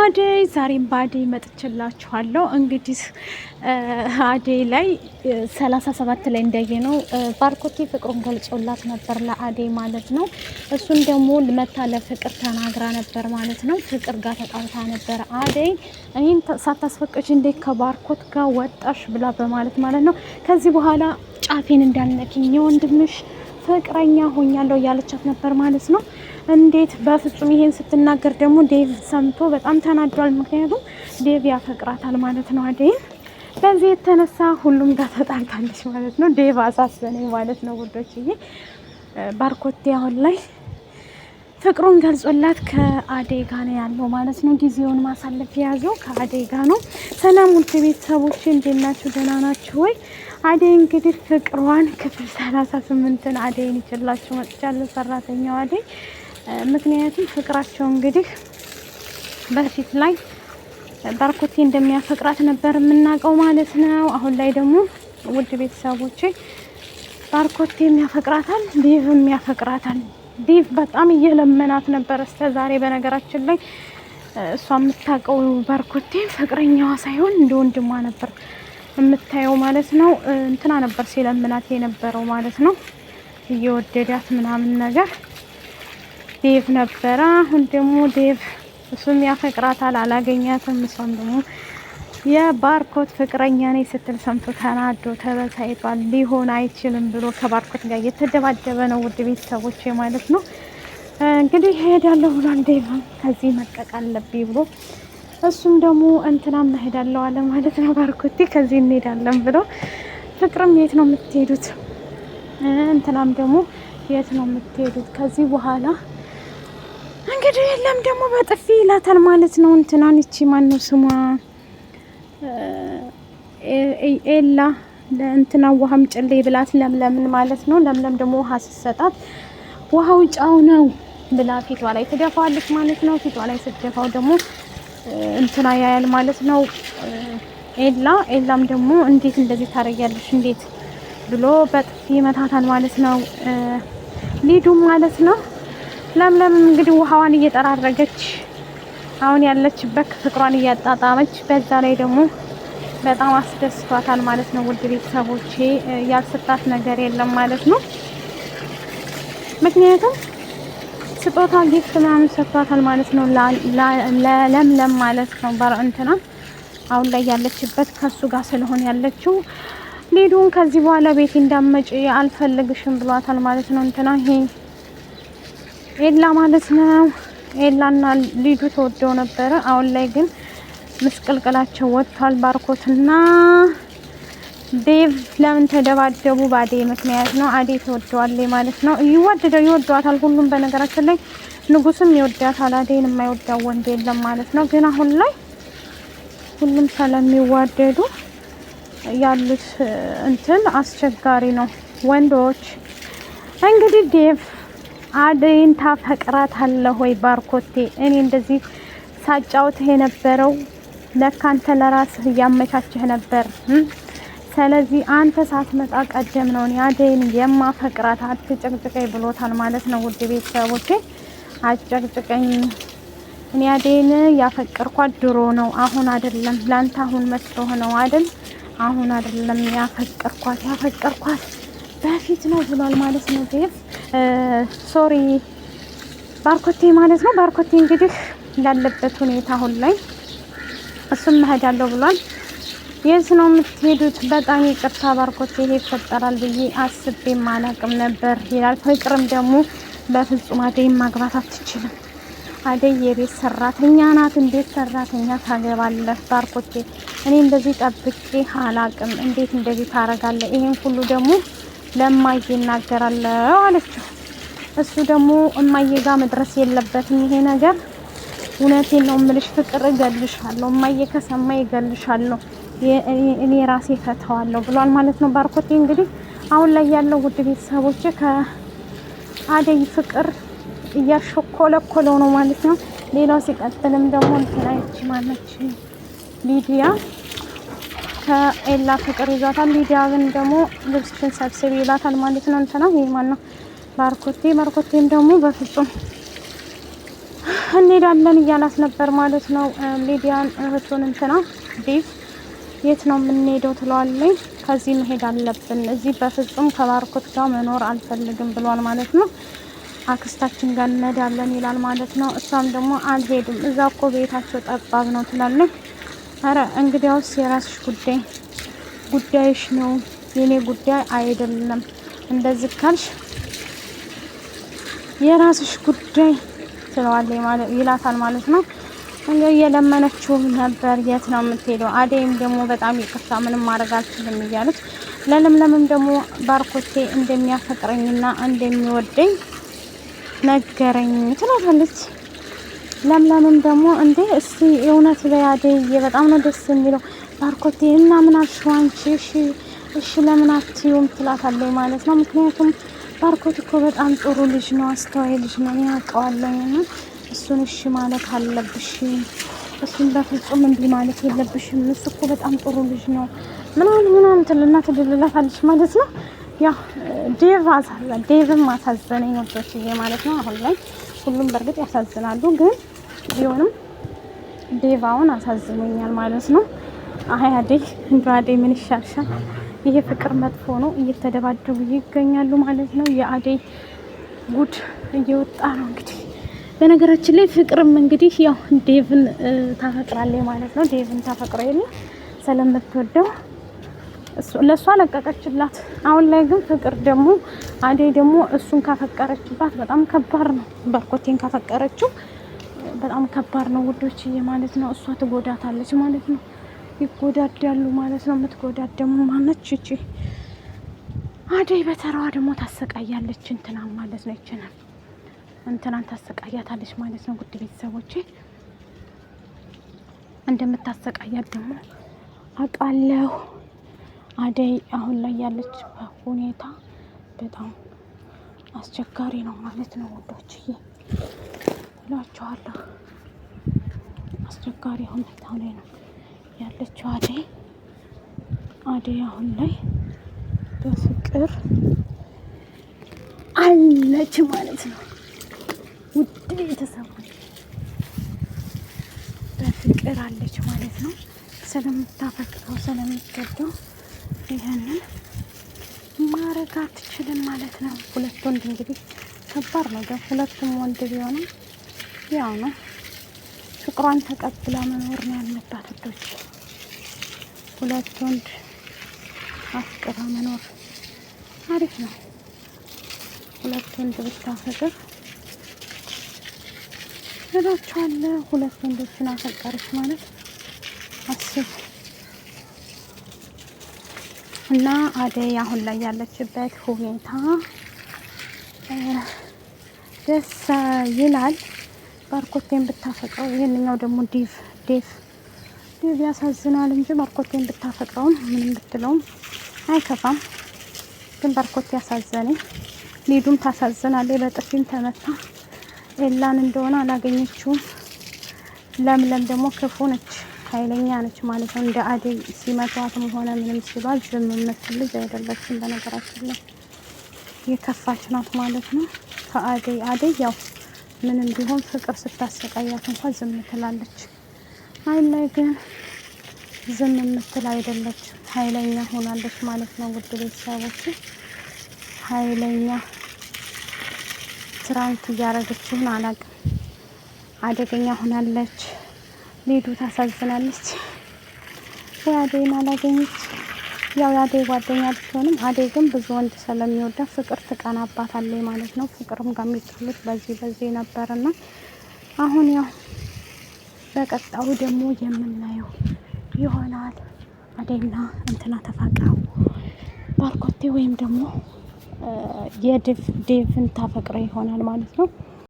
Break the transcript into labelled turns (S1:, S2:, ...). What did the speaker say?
S1: አደይ ዛሬም በአደይ መጥቼላችኋለሁ። እንግዲህ አደይ ላይ ሰላሳ ሰባት ላይ እንዳየ ነው ባርኮቴ ፍቅሩን ገልጾላት ነበር ለአደይ ማለት ነው። እሱን ደግሞ መታ ለፍቅር ተናግራ ነበር ማለት ነው። ፍቅር ጋር ተጣልታ ነበር አደይ እኔን ሳታስፈቅጅ እንዴት ከባርኮት ጋር ወጣሽ ብላ በማለት ማለት ነው። ከዚህ በኋላ ጫፌን እንዳልነኪኝ የወንድምሽ ፍቅረኛ ሆኛለሁ እያለቻት ነበር ማለት ነው። እንዴት በፍጹም ይሄን ስትናገር ደግሞ ዴቭ ሰምቶ በጣም ተናዷል። ምክንያቱም ዴቭ ያፈቅራታል ማለት ነው አደይን። በዚህ የተነሳ ሁሉም ጋር ተጣልታለች ማለት ነው። ዴቭ አሳዘነኝ ማለት ነው ይሄ ባርኮቴ አሁን ላይ ፍቅሩን ገልጾላት ከአደይ ጋ ነው ያለው ማለት ነው። ጊዜውን ማሳለፍ የያዘው ከአደይ ጋ ነው። ሰላም ውድ ቤተሰቦች እንዴት ናችሁ? ደህና ናችሁ ወይ? አደይ እንግዲህ ፍቅሯን ክፍል ሰላሳ ስምንትን አደይን ይችላችሁ መጥቻለሁ። ሰራተኛው አደይ ምክንያቱም ፍቅራቸው እንግዲህ በፊት ላይ ባርኮቴ እንደሚያፈቅራት ነበር የምናውቀው ማለት ነው። አሁን ላይ ደግሞ ውድ ቤተሰቦቼ ባርኮቴም ያፈቅራታል፣ ዴቭም ያፈቅራታል። ዴቭ በጣም እየለመናት ነበር እስከ ዛሬ። በነገራችን ላይ እሷ የምታውቀው ባርኮቴ ፍቅረኛዋ ሳይሆን እንደ ወንድሟ ነበር የምታየው ማለት ነው። እንትና ነበር ሲለምናት የነበረው ማለት ነው፣ እየወደዳት ምናምን ነገር ዴቭ ነበረ። አሁን ደግሞ ዴቭ እሱም ያፈቅራታል አላገኛትም። እሷም ደግሞ የባርኮት ፍቅረኛ ነኝ ስትል ሰምቶ ተናዶ ተበሳይቷል። ሊሆን አይችልም ብሎ ከባርኮት ጋር እየተደባደበ ነው። ውድ ቤተሰቦች ማለት ነው እንግዲህ እሄዳለሁ ብሏል። ዴቭ ከዚህ መቀቅ አለብኝ ብሎ እሱም ደግሞ እንትናም እሄዳለሁ አለ ማለት ነው። ባርኮቴ ከዚህ እንሄዳለን ብሎ ፍቅርም የት ነው የምትሄዱት? እንትናም ደግሞ የት ነው የምትሄዱት? ከዚህ በኋላ መውሰዱ የለም ደግሞ በጥፊ ይላታል ማለት ነው። እንትናን ማን ነው ስሟ ኤላ ለእንትና ውሃም ጭሌ ብላት ለምለምን ማለት ነው። ለምለም ደግሞ ውሃ ስትሰጣት ውሃው ጫው ነው ብላ ፊቷ ላይ ትደፋዋለች ማለት ነው። ፊቷ ላይ ስትደፋው ደግሞ እንትና ያያል ማለት ነው። ኤላ ኤላም ደግሞ እንዴት እንደዚህ ታደርጊያለሽ እንዴት ብሎ በጥፊ ይመታታል ማለት ነው። ሊዱ ማለት ነው ለምለም እንግዲህ ውሃዋን እየጠራረገች አሁን ያለችበት ፍቅሯን እያጣጣመች በዛ ላይ ደግሞ በጣም አስደስቷታል ማለት ነው። ውድ ቤተሰቦቼ ያልሰጣት ነገር የለም ማለት ነው። ምክንያቱም ስጦታ ጊፍት ምናምን ሰጥቷታል ማለት ነው ለለምለም ማለት ነው። ባረ እንትና አሁን ላይ ያለችበት ከሱ ጋር ስለሆነ ያለችው ሌዱን ከዚህ በኋላ ቤት እንዳመጭ አልፈልግሽም ብሏታል ማለት ነው እንትና ይሄ ኤላ ማለት ነው። ኤላና ልጁ ተወደው ነበረ። አሁን ላይ ግን ምስቅልቅላቸው ወጥቷል። ባርኮትና ዴቭ ለምን ተደባደቡ? ባዴ ምክንያት ነው። አዴ ተወደዋል ማለት ነው። ይወደደው ይወደዋታል። ሁሉም በነገራችን ላይ ንጉስም ይወዳታል። አዴን የማይወዳው ወንድ የለም ማለት ነው። ግን አሁን ላይ ሁሉም ስለሚዋደዱ ያሉት እንትን አስቸጋሪ ነው። ወንዶች እንግዲህ ዴቭ አደይን አለ ወይ ባርኮቴ? እኔ እንደዚህ ሳጫውትህ የነበረው ለካ አንተ ለራስህ እያመቻችህ ነበር። ስለዚህ አንተ ሳትመጣ ቀደም ነው እኔ አደይን የማፈቅራት። አትጨቅጭቀኝ ብሎታል ማለት ነው። ውድ ቤተሰቦቼ አጨቅጭቀኝ፣ እኔ አደይን ያፈቀርኳት ድሮ ነው፣ አሁን አይደለም። ላንተ አሁን መስሎህ ነው አይደል? አሁን አይደለም ያፈቀርኳት፣ ያፈቀርኳት በፊት ነው ብሏል ማለት ነው ቤት ሶሪ ባርኮቴ ማለት ነው። ባርኮቴ እንግዲህ ላለበት ሁኔታ አሁን ላይ እሱም መሄዳለሁ ብሏል። የት ነው የምትሄዱት? በጣም ይቅርታ ባርኮቴ፣ ይሄ ይፈጠራል ብዬ አስቤም አላቅም ነበር ይላል። ፍቅርም ደግሞ በፍጹም አደይ ማግባት አትችልም። አደይ የቤት ሰራተኛ ናት። እንዴት ሰራተኛ ታገባለህ? ባርኮቴ፣ እኔ እንደዚህ ጠብቄ አላቅም። እንዴት እንደዚህ ታረጋለህ? ይሄን ሁሉ ደግሞ ለእማዬ ይናገራለሁ አለችው። እሱ ደግሞ እማዬ ጋር መድረስ የለበትም ይሄ ነገር። እውነቴን ነው እምልሽ ፍቅር እገልሻለሁ፣ እማዬ ከሰማ ይገልሻለሁ፣ እኔ ራሴ ፈተዋለሁ ብሏል ማለት ነው። ባርኮቴ እንግዲህ አሁን ላይ ያለው ውድ ቤተሰቦች ከአደይ ፍቅር እያሾኮለኮለው ነው ማለት ነው። ሌላው ሲቀጥልም ደግሞ እንትና ይች ማለች ሊዲያ ከኤላ ፍቅር ይዟታል። ሊዲያ ግን ደግሞ ልብስሽን ሰብስብ ይላታል ማለት ነው። እንትና ይሄ ማን ነው? ባርኮቴ። ባርኮቴም ደግሞ በፍጹም እንሄዳለን እያላት ነበር ማለት ነው። ሊዲያን እህቱን እንትና ዴቭ የት ነው የምንሄደው ትለዋለኝ። ከዚህ መሄድ አለብን፣ እዚህ በፍጹም ከባርኮት ጋር መኖር አልፈልግም ብሏል ማለት ነው። አክስታችን ጋር እንሄዳለን ይላል ማለት ነው። እሷም ደግሞ አልሄድም፣ እዛ እኮ ቤታቸው ጠባብ ነው ትላለች። አረ እንግዲያውስ የራስሽ ጉዳይ ጉዳይሽ ነው፣ የኔ ጉዳይ አይደለም። እንደዚህ ካልሽ የራስሽ ጉዳይ ትለዋለች ማለት ይላታል ማለት ነው። እንግዲህ የለመነችው ነበር የት ነው የምትሄደው? አደይም ደግሞ በጣም ይቅርታ ምንም ማድረግ አልችልም እያለች ለለምለምም ደግሞ ባርኮቴ እንደሚያፈቅረኝና እንደሚወደኝ ነገረኝ ትላታለች። ለምለምም ደግሞ እንዴ እስቲ የእውነት በይ አደዬ በጣም ነው ደስ የሚለው ባርኮቴ እና ምን አልሽው አንቺ እሺ እሺ ለምን አትዩም ትላታለች ማለት ነው። ምክንያቱም ባርኮት እኮ በጣም ጥሩ ልጅ ነው፣ አስተዋይ ልጅ ነው ያውቀዋለኝ እና እሱን እሺ ማለት አለብሽ፣ እሱን በፍጹም እንቢ ማለት የለብሽም። እሱ እኮ በጣም ጥሩ ልጅ ነው ምናምን ምናምን ትልና ትድልላታለች ማለት ነው። ያ ዴቭ አሳዘን ዴቭም አሳዘነኝ ወዶችዬ ማለት ነው። አሁን ላይ ሁሉም በእርግጥ ያሳዝናሉ ግን ቢሆንም ዴቫውን አሳዝኖኛል ማለት ነው። አያዴ እንደ ምን ይሻልሻል? ይሄ ፍቅር መጥፎ ነው። እየተደባደቡ ይገኛሉ ማለት ነው። የአዴ ጉድ እየወጣ ነው እንግዲህ። በነገራችን ላይ ፍቅርም እንግዲህ ያው ዴቭን ታፈቅራለች ማለት ነው። ዴቭን ታፈቅረ የለ ስለምትወደው ለእሷ ለቀቀችላት። አሁን ላይ ግን ፍቅር ደግሞ አዴ ደግሞ እሱን ካፈቀረችባት በጣም ከባድ ነው። በርኮቴን ካፈቀረችው በጣም ከባድ ነው ውዶችዬ ማለት ነው። እሷ ትጎዳታለች ማለት ነው። ይጎዳዳሉ ማለት ነው። የምትጎዳት ደግሞ ማነች? እቺ አደይ በተራዋ ደግሞ ታሰቃያለች እንትና ማለት ነው። ይችናል እንትናን ታሰቃያታለች ማለት ነው። ጉድ ቤተሰቦቼ እንደምታሰቃያት ደግሞ አውቃለሁ። አደይ አሁን ላይ ያለች ሁኔታ በጣም አስቸጋሪ ነው ማለት ነው ውዶችዬ እላችኋለሁ። አስቸጋሪ ሁኔታ ላይ ነው ያለችው አደይ። አደይ አሁን ላይ በፍቅር አለች ማለት ነው። ውድ ቤተሰቦች በፍቅር አለች ማለት ነው። ስለምታፈቅረው ስለሚገባው ይህንን ማረግ አትችልም ማለት ነው። ሁለት ወንድ እንግዲህ ከባድ ነገር ሁለቱም ወንድ ቢሆንም ያው ነው ፍቅሯን ተቀብላ መኖር ነው ያለባት። ሁለት ወንድ አፍቅራ መኖር አሪፍ ነው። ሁለት ወንድ ብታፈቅር እላችኋለሁ። ሁለት ወንዶችን አፈቀረች ማለት አስብ እና አደይ አሁን ላይ ያለችበት ሁኔታ ደስ ይላል። ማርኮቴን ብታፈቅረው ይሄንኛው ደግሞ ዴቭ ዴቭ ዴቭ ያሳዝናል እንጂ ማርኮቴን ብታፈቅረውም ምንም ብትለውም አይከፋም። ግን ባርኮቴ ያሳዘነኝ ሊዱም ታሳዝናለች። በጥፊም ተመታ። ኤላን እንደሆነ አላገኘችውም። ለምለም ደግሞ ክፉ ነች፣ ኃይለኛ ነች ማለት ነው። እንደ አደይ ሲመቷትም ሆነ ምንም ሲባል ዝም የምትል ልጅ አይደለችም። በነገራችን ላይ የከፋች ናት ማለት ነው። ከአደይ አደይ ያው ምንም ቢሆን ፍቅር ስታሰቃያት እንኳን ዝም ትላለች። ሀይል ላይ ግን ዝም የምትል አይደለች፣ ሀይለኛ ሆናለች ማለት ነው። ውድ ቤተሰቦች ሀይለኛ ትራንክ እያደረገችውን አላቅም። አደገኛ ሆናለች። ሊዱ ታሳዝናለች። ያዴን አላገኘች ያው የአደይ ጓደኛ ብትሆንም አደይ ግን ብዙ ወንድ ስለሚወዳ ፍቅር ትቀናባታለች ማለት ነው። ፍቅርም ጋር የሚጣሉት በዚህ በዚህ ነበርና አሁን ያው በቀጣው ደግሞ የምናየው ይሆናል። አደይና እንትና ተፋቅረው ባርኮቴ ወይም ደግሞ የድፍ ዴቭን ታፈቅረ ይሆናል ማለት ነው።